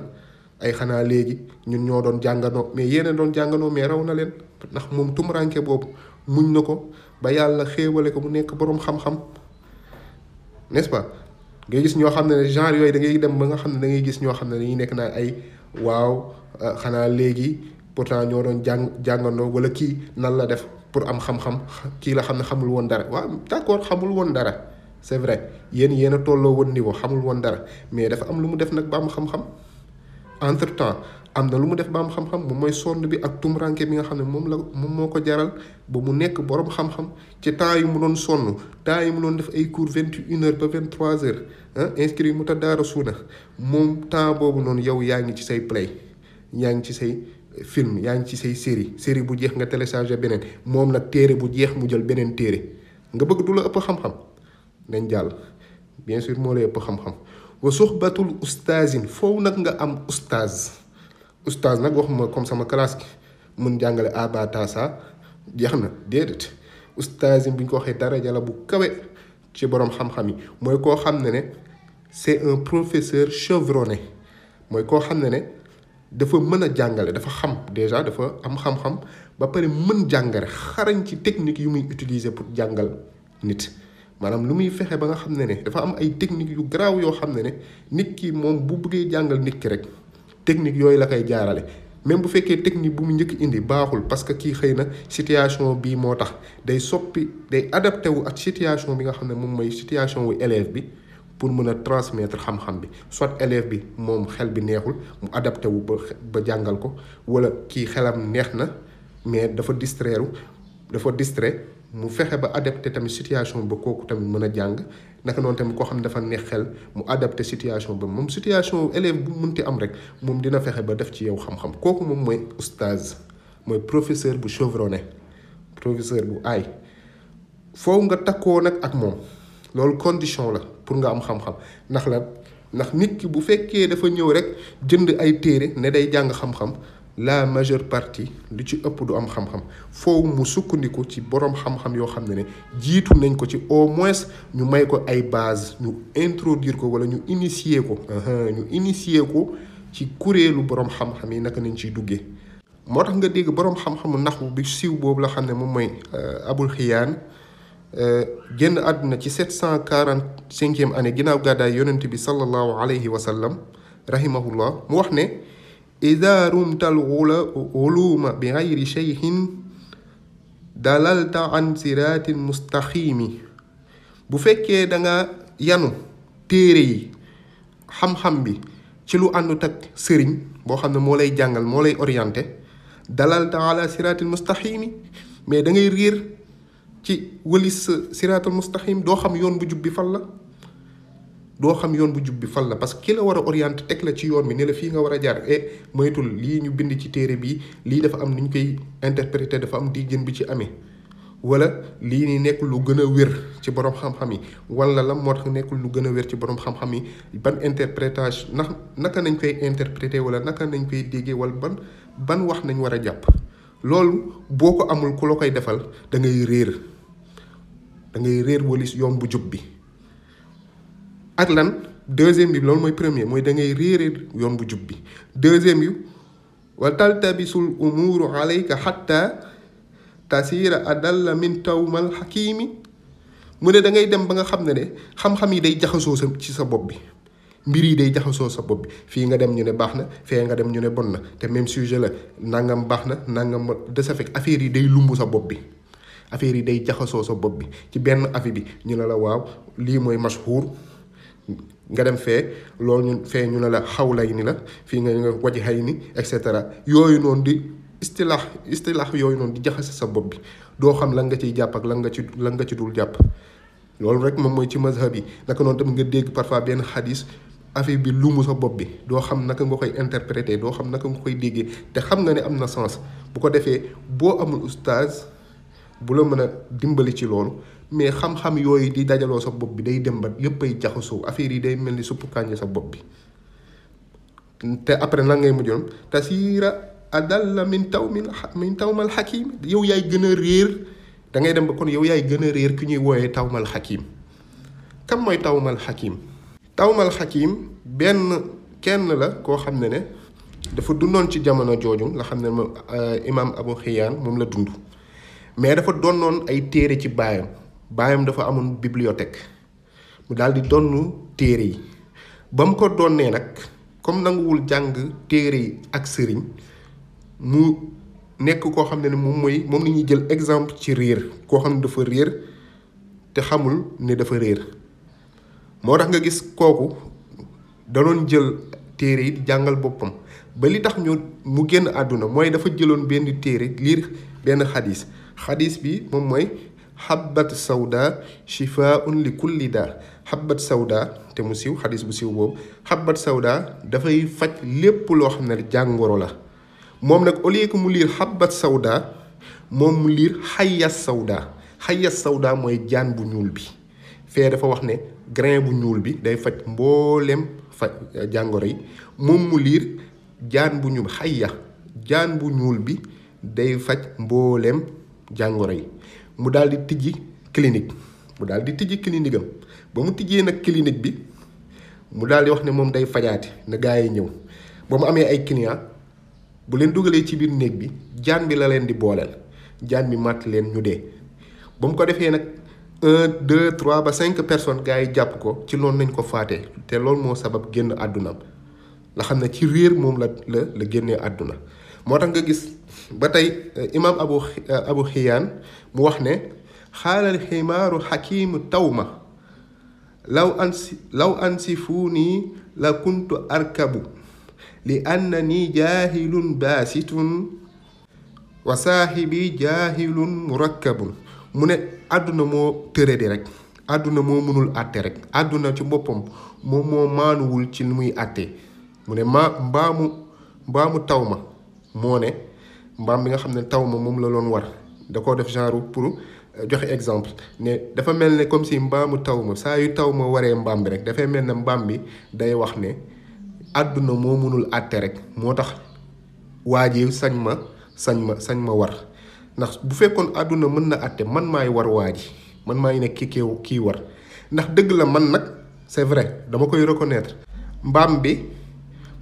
ay xanaa léegi ñun ñoo doon jànganoo mais yéen doon jànganoo mais raw na leen ndax moom tumuranke boobu muñ na ko ba yàlla xéewale ko mu nekk boroom xam-xam ce pas ngay gis ñoo xam ne genre yooyu da ngay dem ba nga xam ne da ngay gis ñoo xam ne dañuy nekk naa ay waaw euh, xanaa léegi pourtant ñoo doon jàng jàngandoo walla kii nan la def pour am xam-xam kii la xam ne xamul woon dara waaw d'accord xamul woon dara c'est vrai yéen yéen a tolloo woon niveau xamul woon dara mais dafa am lu mu def nag baam am xam-xam entre temps am na lu mu def baam am xam-xam moom mooy sonn bi ak tumuranke bi nga xam ne moom la moom moo ko jaral ba mu nekk borom xam ci temps yu mu sonn temps yi mu def ay cours vingt une heures ba vingt trois heures ah inscrit mu ta daara moom temps boobu noonu yow yaa ngi ci say play yaa ngi ci say film yaa ngi ci say série série bu jeex nga télécharger beneen moom nag téere bu jeex mu jël beneen téere nga bëgg du la ëpp xam-xam. nañ jàll bien sûr moo la ëpp xam-xam wa suxbatul ustaazin foofu nag nga am ustaaz ustaaz nag waxuma comme sama classe gi mun jàngale abatasa jeex na déedéet ustaazin bu ko waxee daraja la bu kawe ci borom xam yi mooy koo xam ne ne c'est un professeur chevronné mooy koo xam ne ne dafa mën a jàngale dafa xam déjà dafa am xam-xam ba pare mën jàngale xarañ ci technique yu muy utiliser pour jàngal nit maanaam lu muy fexe ba nga xam ne ne dafa am ay technique yu garaaw yoo xam ne ne nit ki moom bu bëggee jàngal nit ki rek technique yooyu la koy jaarale même bu fekkee technique bu mu njëkk indi baaxul parce que kii xëy na situation bii moo tax day soppi day adapté wu ak situation bi nga xam ne moom mooy situation wu élève bi pour mën a transmettre xam-xam bi soit élève bi moom xel bi neexul mu adapté wu ba ba jàngal ko wala kii xelam neex na mais dafa distraire dafa distrait mu fexe ba adapté tamit situation ba kooku tamit mën a jàng naka noonu tamit koo xam ne dafa neex xel mu adapté situation ba moom situation élève bu ti am rek moom dina fexe ba def ci yow xam-xam kooku moom mooy oustaz mooy professeur bu chevronné professeur bu aay foofu nga takkoo nag ak moom loolu condition la pour nga am xam-xam ndax la ndax nit ki bu fekkee dafa ñëw rek jënd ay téere ne day jàng xam-xam la majeure partie lu ci ëpp du am xam-xam foofu mu sukkandiku ci boroom xam-xam yoo xam ne ne jiitu nañ ko ci au moins ñu may ko ay base ñu introduire ko walla ñu initier ko ñu initier ko ci kuréelu boroom xam-xam yi naka nañ ciy duggee moo tax nga dégg boroom xam-xamu naxwu bi siiw boobu la xam ne moom mooy euh, abul xiyaan euh, genn àdduna ci sept cent quarante cinquième année ginnaaw gàddaay yonent bi sallallahu alayhi wa sallam rahimahullah mu wax ne ida rumtal uluma bi gayri sheyhin dalalta an siraatin mustaqimi bu fekkee danga yanu téere yi xam-xam bi ci lu àndut ak sëriñ boo xam ne moo lay jàngal moo lay orienté dalalta ala siraatin mustaqimi mais da ngay riir ci wëlis siraatul mustaqim doo xam yoon bu jub bi fan la doo xam yoon bu jub bi fan la parce que ki la war a orienté teg la ci yoon bi ne la fii nga war a jaar e moytul lii ñu bind ci téere bi lii dafa am ni ñu koy interprété dafa am di jën bi ci amee wala lii ni nekkul lu gën a wér ci borom xam-xam yi wala lan moo tax nekkul lu gën a wér ci borom xam yi ban interprétage ndax naka nañ koy interprété wala naka nañ koy déggee wala ban ban wax nañ war a jàpp loolu boo ko amul ku la koy defal da ngay réer da ngay réer walis yoon bu jub bi ak lan deuxième bi loolu mooy premier mooy da ngay réere yoon bu jub bi deuxième yu wa taltabisul umuuru alayka xatta tasiira adalla min tawmal xakiimi mu ne da ngay dem ba nga xam ne ne xam-xam yi day jaxasoo sa ci sa bopp bi mbir yi day jaxasoo sa bopp bi fii nga dem ñu ne baax na fee nga dem ñu ne bon na te même sujet la nangam baax na nangam de sa fekk affaire yi day lumb sa bopp bi affaire yi day jaxasoo sa bopp bi ci benn avis bi ñu ne la waaw lii mooy mashhur nga dem fee loolu ñun fee ñu ne la xawlay ni la fii nga nga waji xay ni et cetera yooyu noonu di istilaax istilaax yooyu noonu di jaxase sa bopp bi doo xam lan nga ciy jàpp ak lan nga ci lan nga ci dul jàpp loolu rek moom mooy ci mazhab yi naka noonu tamit nga dégg parfois benn xadis affaire bi luumu sa bopp bi doo xam naka nga koy interpréter doo xam naka nga koy déggee te xam nga ne am na sens bu ko defee boo amul oustaz bu la mën a dimbali ci loolu mais xam-xam yooyu di dajaloo sa bopp bi day dem ba yëppay jaxasoo affaire yi day mel ni suppu kànja sa bopp bi te après nan ngay mujjoon tasiira adalla min taw min min tawmal xakim yow yaay gën a réer da ngay dem ba kon yow yaay gën a réer ki ñuy wooyee tawmal xakim kam mooy tawmal xakim tawmal xakim benn kenn la koo xam ne ne dafa dundoon ci jamono jooju nga xam ne euh, imaam Abu Xiyaan moom la dund mais dafa donnoon ay téere ci baayam baayam dafa amoon bibliothèque mu daal di donn téere yi ba mu ko donnee nag comme nanguwul jàng téere yi ak sëriñ mu nekk koo xam ne ne moom mooy moom la ñuy jël exemple ci réer koo xam ne dafa réer te xamul ne dafa réer moo tax nga gis kooku da doon jël téere yi di jàngal boppam ba li tax ñu mu génn àdduna mooy dafa jëloon benn téere lii benn xadis xadis bi moom mooy xabbat sawda shifaun li kulli daa xabbat sawda te mu siiw xadis bu siiw boobu xabbat sawda dafay faj lépp loo xam ne jàngoro la moom nag au lieu mu liir xabbat sawda moom mu liir xayya sawda xayya sawda mooy jaan bu ñuul bi fee dafa wax ne grain bu ñuul bi day faj mboolem faj jaan bu ñuul bi day faj mboolem jàngoro yi mu daal di tijji clinique mu daal di tijji clinique ba mu tijjee nag clinique bi mu daal di wax ne moom day fajaati na gaa yi ñëw ba mu amee ay client bu leen dugalee ci biir néeg bi jaan bi la leen di booleel jaan bi màtt leen ñu dee ba mu ko defee nag un deux trois ba cinq personnes gaa yi jàpp ko ci loolu nañ ko faatee te loolu moo sabab génn àddunam la xam ne ci réer moom la la la génnee àdduna moo tax nga gis ba tey euh, imaam abu euh, abu xiyaan mu wax ne xaalal ximaaru xakiimu taw ma law ansi law ansifuu nii la kuntu arkabu li anna nii jaahilun baasitun wa jaahilun murakkabun mu ne àdduna moo tëre rek àdduna moo mënul àtte rek àdduna ci boppam moom moo maanuwul ci nu muy àtte mu ne ma mbaamu mbaamu taw ma moo ne mbaam bi nga xam ne taw ma moom la loon war da koo def genre pour euh, joxe exemple ne dafa mel ne comme si mbaamu taw ma saa yu taw ma waree mbaam bi rek dafay mel ne mbaam bi day wax ne àdduna moo mënul àtte rek moo tax waa ji sañ ma sañ ma sañ ma war ndax bu fekkoon àdduna mën na àtte man maay war waa ji man maay nekk ki kii war ndax dëgg la man nag c'est vrai dama koy reconnaître mbaam bi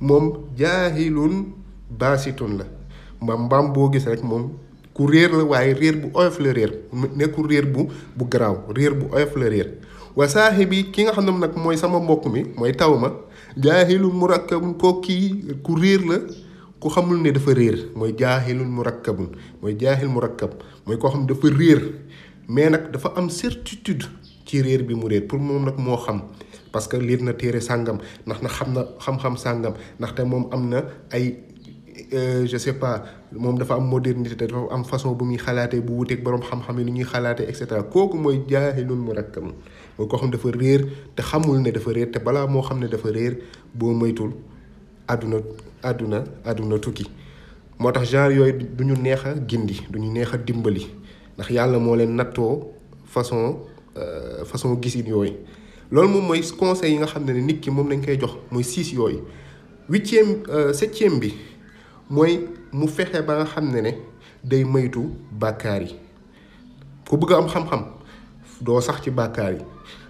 moom jaahilun baasitun la mbaam mbaam boo gis rek moom ku réer la waaye réer bu oyof la réer nekkul réer bu bu garaaw réer bu oyof la réer wa saaxibi ki nga xam ne nag mooy sama mbokk mi mooy taw ma jaahilun murakkabun koo kii ku réer la ku xamul ne dafa réer mooy jaahilun murakkabun mooy jaahil murakkab mooy koo xam ne dafa réer mais nag dafa am certitude ci réer bi mu réer pour moom nag moo xam parce que liir na téere sàngam ndax na xam na xam-xam sàngam ndaxte moom am na ay Euh, je sais pas moom dafa am modernité dafa am façon bu muy xalaatee bu wuteeg boroom xam-xam yi nu ñuy xalaatee et cetera kooku mooy jaahilun murakkabun mooy koo xam dafa réer te xamul ne dafa réer balaa moo xam ne dafa réer boo moytul àdduna àdduna àdduna tukki moo tax genre yooyu du ñu neex a gindi du ñu neex a dimbali ndax yàlla moo leen nattoo façon euh, façon gisin yooyu loolu moom mooy conseil yi nga xam ne nit ki moom lañ koy jox mooy six yooyu huitième euh, septième bi mooy mu fexe ba nga xam ne ne day moytu bàkkaar yi ku bëgg a am xam-xam doo sax ci bàkkaar yi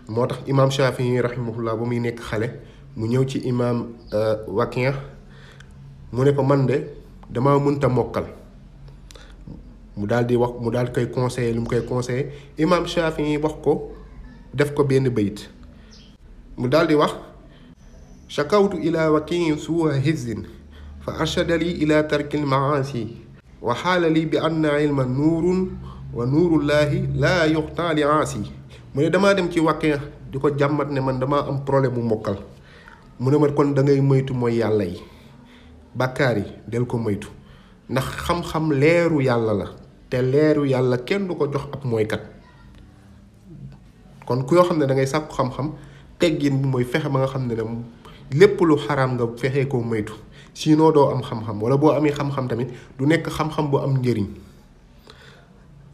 moo tax imaam Shafii rahimahullah ba muy nekk xale mu ñëw ci imaam euh, Wakiya mu ne ko man de damaa mënta mokkal mu daal di wax mu daal di koy conseiller lu mu koy conseiller imaam Shafii wax ko def ko benn bayit mu dal di wax shakawtu ila wakiyin suwa hizin fa arshada li ila tarkil maasi wa xaala li bi anna ilma nuurun wa nuurullahi laa yuxtaa li aasi mu ne damaa dem ci wàqe di ko jàmmat ne man damaa am problème mu mokkal mu ne ma kon dangay ngay moytu mooy yàlla yi bàkkaar yi del ko moytu ndax xam-xam leeru yàlla la te leeru yàlla kenn du ko jox ab moykat kon ku yoo xam ne dangay ngay sàkku xam-xam teggin bi mooy fexe ba nga xam ne ne lépp lu xaraam nga fexee koo moytu sinon doo am xam-xam wala boo amee xam-xam tamit du nekk xam-xam bu am njëriñ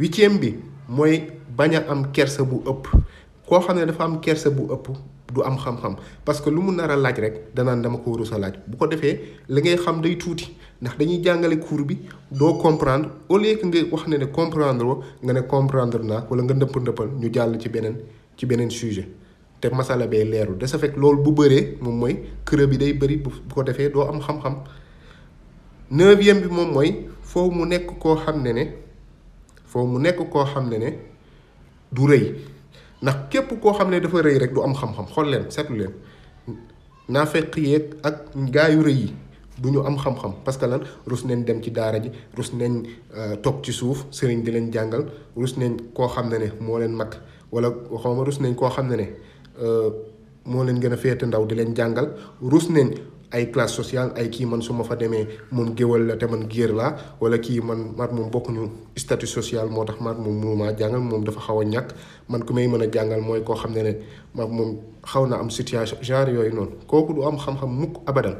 huitième bi mooy bañ a am kerse bu ëpp koo xam ne dafa am kerse bu ëpp du am xam-xam parce que lu mu nar a laaj rek danaan dama ko rus laaj bu ko defee li ngay xam day tuuti ndax dañuy jàngale cours bi doo comprendre au lieu que nga wax ne ne comprendre nga ne comprendre naa wala nga ndëpp ndëppal ñu jàll ci beneen ci beneen sujet te masala bee leeru de ce fait loolu bu bëree moom mooy kër bi day bëri bu ko defee doo am xam-xam neuvième bi moom mooy foo mu nekk koo xam ne ne foo mu nekk koo xam ne ne du rëy ndax képp koo xam ne dafa rëy rek du am xam-xam xool leen seetlu leen naafeq yeeg ak gaayu rëy yi du ñu am xam-xam parce que lan rus nañ dem ci daara ji rus nañ euh, toog ci suuf sëriñ di leen jàngal rus nañ koo xam ne ne moo leen mag wala xaw ma rus nañ koo xam ne ne. Euh, moo leen gën a féete ndaw di leen jàngal ruus nañ ay classe sociale ay kii man su ma fa demee moom géwal la te man géer laa wala kii man maat moom bokkuñu statut social moo tax maat moom mënumaa jàngal moom dafa xaw a ñàkk man ku may mën a jàngal mooy koo xam ne ne maat moom xaw na am situation genre yooyu noonu kooku du am xam-xam mukk abadan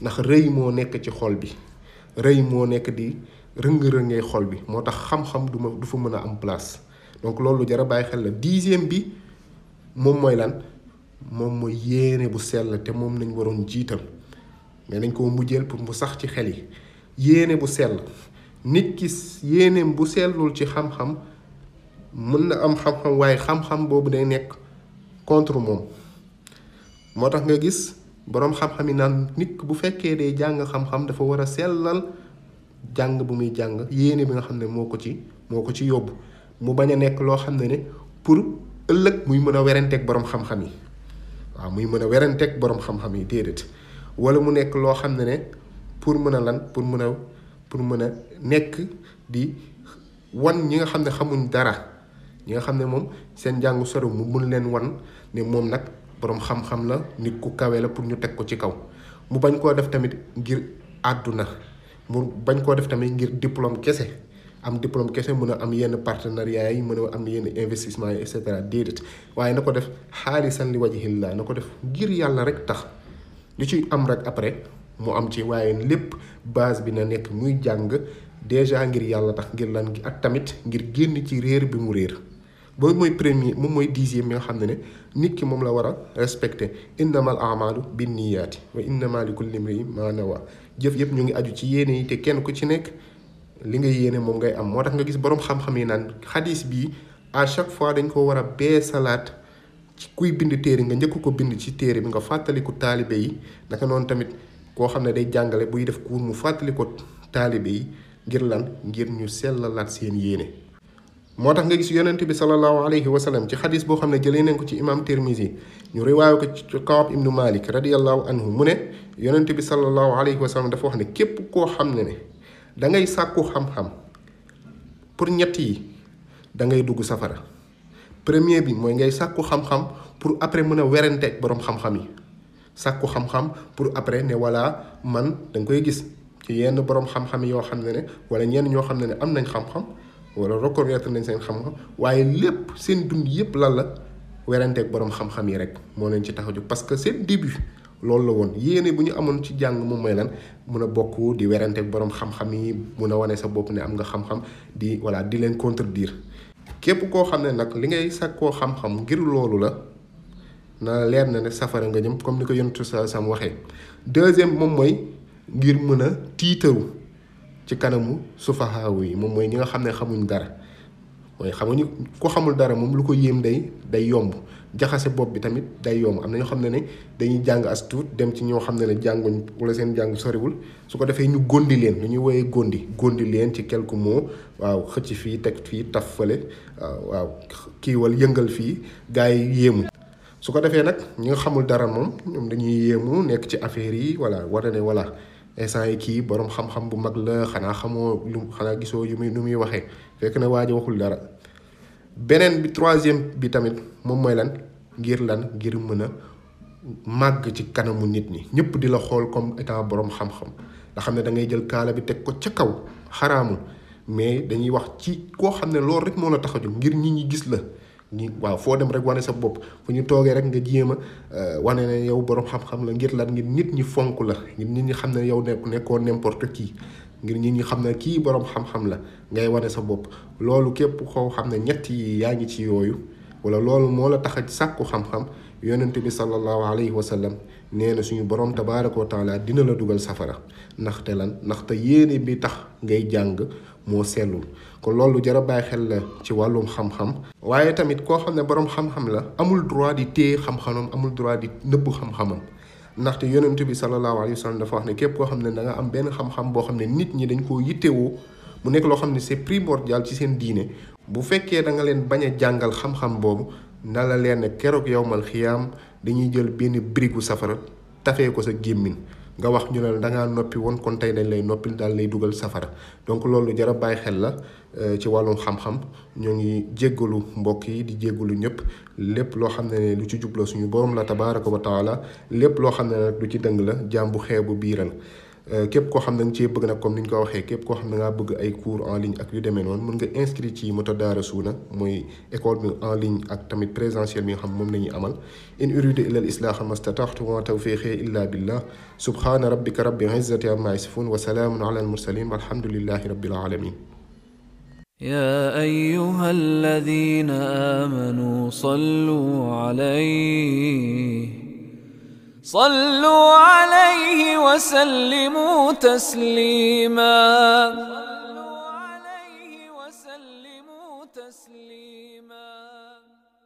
ndax rëy moo nekk ci xol bi rëy moo nekk di rëng-rëngee xol bi moo tax xam-xam du ma du fa mën a am place donc loolu jara bàyyi xel la dixième bi moom mooy lan moom mooy yéene bu sell te moom nañ waroon jiital mais nañ koo mujjeel pour mu sax ci xel yi yéene bu sell nit ki yéeneem bu sellul ci xam-xam mën na am xam-xam waaye xam-xam boobu day nekk contre moom moo tax nga gis boroom xam-xam yi naan nit bu fekkee day jàng xam-xam dafa war a sellal jàng bu muy jàng yéene bi nga xam ne moo ko ci moo ko ci yóbbu mu bañ a nekk loo xam ne ne pour ëllëg muy mën a weranteeg boroom xam-xam yi waaw muy mën a weranteeg boroom xam-xam yi déedéet wala mu nekk loo xam ne ne pour mën a lan pour mën a pour mën a nekk di wan ñi nga xam ne xamuñ dara ñi nga xam ne moom seen njàngu soro mu mun leen wan ne moom nag borom xam-xam la nit ku kawe la pour ñu teg ko ci kaw mu bañ koo def tamit ngir àdduna mu bañ koo def tamit ngir diplôme kese. am diplôme kese mën a am yenn partenariat yi mën a am yenn investissement yi et waaye na ko def xaalisan li wajhillah na ko def ngir yàlla rek tax li ci am rek après mu am ci waaye lépp base bi na nekk muy jàng déjà ngir yàlla tax ngir lan gi ak tamit ngir génn ci réer bi mu réer boobu mooy premier moom mooy dixième mi nga xam ne ne nit ki moom la war a respecté innamal amalu bin niyaati wa innama likulli imri'in ma nawa jëf yëpp ñu ngi aju ci yéene yi te kenn ku ci nekk li ngay yéene moom ngay am moo tax nga gis boroom xam-xam yi naan xadis bii à chaque fois dañ ko war a bee salaat ci kuy bind téere nga njëkk ko bind ci téere bi nga fàttaliku taalibe yi naka noonu tamit koo xam ne day jàngale buy def kuur mu fàttali ko taalibe yi ngir lan ngir ñu sellalaat seen yéene. moo tax nga gis yonente bi salallahu alayhi wa sallam ci xadis boo xam ne jëlee nañ ko ci imaam Tirmizi ñu riwaayo ko ci Kaab ibnu Malik radiallahu anhu mu ne yonente bi salallahu alayhi wa sallam dafa ne képp koo xam ne ne. da ngay sàkku xam-xam pour ñett yi da ngay dugg safara premier bi mooy ngay sàkku xam-xam pour après mën a werante boroom xam-xam yi sàkku xam-xam pour après ne walla man da koy gis ci yenn boroom xam-xam yoo xam ne ne walla ñenn ñoo xam ne ne am nañ xam-xam walla reconnaître nañ seen xam-xam waaye lépp seen dund yépp lan la weranteeg boroom xam-xam yi rek moo leen ci tax a jóg parce que seen début loolu la woon yéene bu ñu amoon ci jàng moom mooy lan mun a bokk di werante borom xam-xam yi mun a wane sa bopp ne am nga xam-xam di voilà di leen contredire képp koo xam ne nag li ngay sàkkoo xam-xam ngir loolu la na leer na ne safara nga jëm comme ni ko yontu sa sam waxee deuxième moom mooy ngir mën a tiitaru ci kanamu sufahaaw yi moom mooy ñi nga xam ne xamuñ dara mooy xamuñu ko xamul dara moom lu ko yéem day day yomb jaxase bopp bi tamit day yoom am na ñoo xam ne ne dañuy jàng as tuut dem ci ñoo xam ne ne jànguñ wala seen jàng soriwul su ko defee ñu gondi leen lu ñuy woyee gondi gondi leen ci quelques mots waaw xëcc fii teg fii taffale fële waaw kiiwal yëngal fii gars yi yéemu. su ko defee nag ñu xamul dara moom ñoom dañuy yéemu nekk ci affaire yi voilà wala ne voilà instant kii borom xam-xam bu mag la xanaa xamoo lu xanaa gisoo yu muy nu muy waxee fekk na waa ji waxul dara. beneen bi troisième bi tamit moom mooy lan ngir lan ngir mën a màgg ci kanamu nit ñi ñëpp di la xool comme état borom xam-xam nga xam ne da ngay jël kaala bi teg ko ca kaw xaraamul mais dañuy wax ci koo xam ne loolu rek moo la tax ngir ñi ñi gis la ñi waaw foo dem rek wane sa bopp fu ñu toogee rek nga jéem a euh, wane ne yow borom xam-xam la ngir lan ngir nit ñi fonk la ngir nit ñi xam ne yow nekk nekkoo n'importe qui ngir ñi ñu xam ne kii borom xam-xam la ngay wane sa bopp loolu képp koo xam ne ñett yi yaa ngi ci yooyu wala loolu moo la tax ak sàkku xam-xam yonent bi sallallahu alayhi wa sallam nee na suñu borom tabaaraka wa taala dina la dugal safara ndaxte lan ndaxte yéene bi tax ngay jàng moo sellul kon loolu jara bàyyi xel la ci wàllum xam-xam. waaye tamit koo xam ne borom xam-xam la amul droit di téye xam-xamam amul droit di nëbb xam-xamam. ndaxte yonent bi sallallahu alayhi wa sallam dafa wax ne képp koo xam ne da nga am benn xam-xam boo xam ne nit ñi dañ koo yittewoo mu nekk loo xam ne c'est primordial ci seen diine bu fekkee da nga leen bañ a jàngal xam-xam boobu na la leen keroog yowmal xiyaam dañuy jël benn birigu safara tafee ko sa gémmiñ nga wax ñu ne la noppi woon kon tey dañ lay noppil daal lay dugal safara donc loolu jara bàyyi xel la euh, ci wàllum xam-xam ñoo ngi jéggalu mbokk yi di jéggalu ñëpp lépp loo xam ne ne lu ci jubla suñu borom la tabaaraka wa taala lépp loo xam ne nag lu ci dëng la jàmbu xeebu biiral Euh, képp koo xam ne nga bëgg ko waxee képp koo xam ne ngaa bëgg ay cours en ligne ak yu demee noonu mën nga inscrit ci moto Daara Suuna mooy école bi en ligne ak tamit présentiel bi xam moom la ñuy amal in uridu illa al islaaha mastataxtu wa tawfiqi illa billah subhaana rabbika rabbi izzati amma yasifun wa salaamun ala al walhamdulillahi rabbil alamin يا أيها الذين آمنوا صلوا عليه صلوا عليه وسلموا تسليما